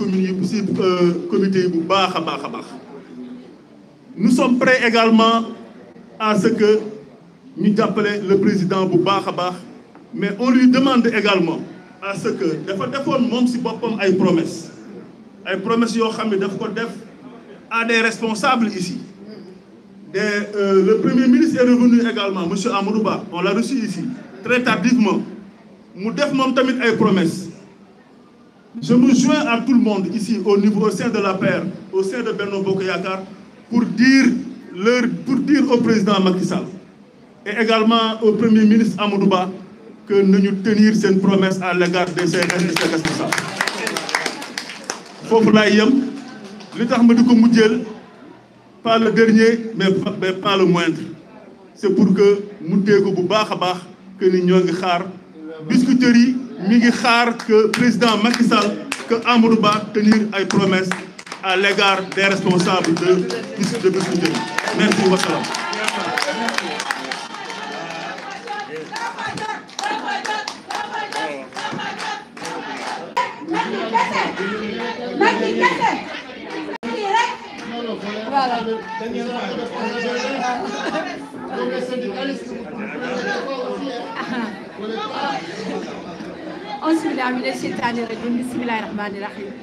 comité euh, nous sommes prêts également à ce que nous appelons le président mais on lui demande également à ce que dafa defoon moom si promesses ay promesses des à des responsables ici euh, le premier ministre est revenu également monsieur Amourouba on l'a reçu ici très tardivement Nous devons tamit promesses je me joins à tout le monde ici, au niveau, au sein de la paire, au sein de Bernard Bokoyakar, pour dire, pour dire au président Macky Sall et également au premier ministre Amadouba que nous tenir cette promesse à l'égard de ces responsables. Faut que pas le dernier, mais pas le moindre. C'est pour que nous puissions que nous puissions discuter Miguel, que président Macky que amourba tenir une promesse à l'égard des responsables de de merci auzu billaahi mina sheytaani rajiim bismillaahi rahmaani rahiim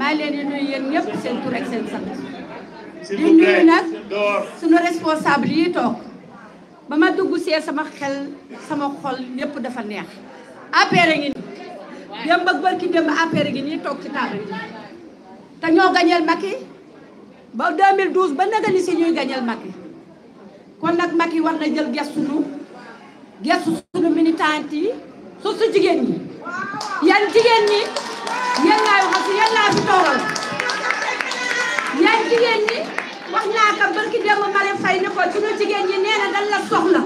maa ngi leen di nuyu yéen ñëpp seen tur ak seen sant di nuyu nag suñu responsable yi toog ba ma dugg see sama xel sama xol yëpp dafa neex APR a ngi nii démb ak barki démb APR a ngi nii toog ci table bi te ñoo gañeel Macky ba 2012 ba nagani si ñuy gañeel Macky kon nag Macky war na jël gestu nu gestu suñu militant yi yan jigéen ñi yan laay waxal si yan laa fi toogal yan jigéen ñi wax naa ko barki démb Marème Faye ne ko suñu jigéen ñi nee na dañ la soxla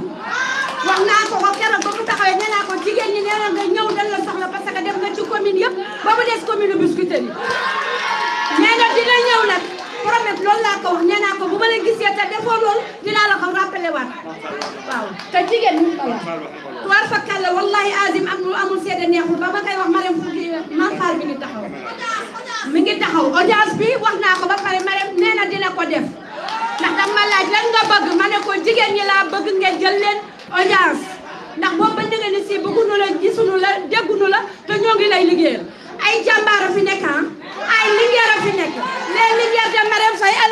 wax naa ko ko keroog ba mu taxawee nee naa ko jigéen ñi nee na nga ñëw dañ la soxla parce que def nga ci commune yëpp ba mu des commune Biscuiterie nee na dina ñëw nag promesse loolu laa ko wax nee naa ko bu ma la gisee te defoo loolu dinaa la ko rappelé waat waaw te jigéen ñu ko wax war fa kàlla wallahi azim am lu amul seede neexul ba ma koy wax marem fukki manfaar bi ngi taxaw mi ngi taxaw audience oh, bi wax naa ko ba pare marem nee na dina ko def ndax dama ma laaj lan nga bëgg ma ne ko jigéen ñi laa bëgg ngeen jël leen audience ndax boobu ba ndege ni si bëggunu la gisunu la déggunu la te ñoo ngi lay liggéeyal ay jàmbaar le fi nekk ay liggéeyal fi nekk les liggéeyal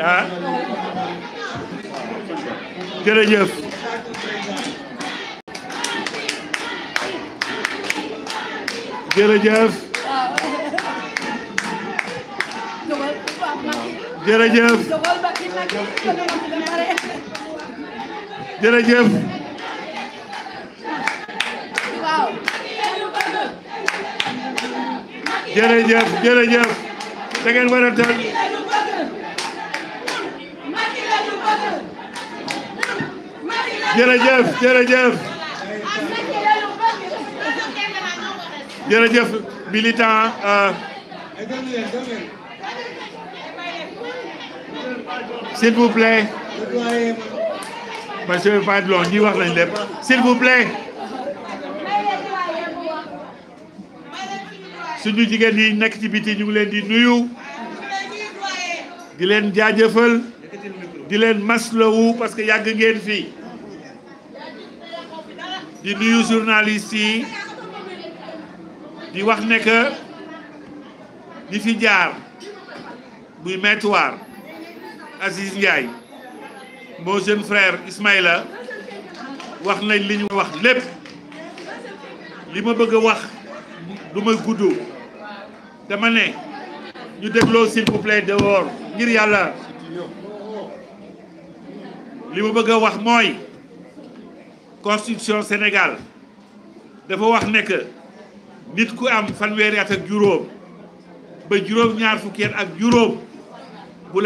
ah jërëjëf jërëjëf jërëjëf jërëjëf jërëjëf jërëjëf da ngeen war a jërëjëf jërëjëf jërëjëf militant euh. s'il vous plaît monsieur Fadlon lon ñi wax lañ lépp s'il vous plaît suñu jigéen yi nekk ci biti ñu ngi leen di nuyu di leen jaajëfal di leen maslawu parce que yàgg ngeen fii di nuyu journaliste yi di wax ne que di fi jaar buy Maître War Aziz Ndiaye moo jeune frère Ismaïla wax nañ li ñu wax lépp li ma bëgg a wax du ma gudd dama ne ñu dégloo s'il vous plaît dehors ngir yàlla li ma bëgg wax mooy constitution Sénégal dafa wax ne que nit ku am fanweeri at ak juróom ba juróom ñaar fukki ak juróom bu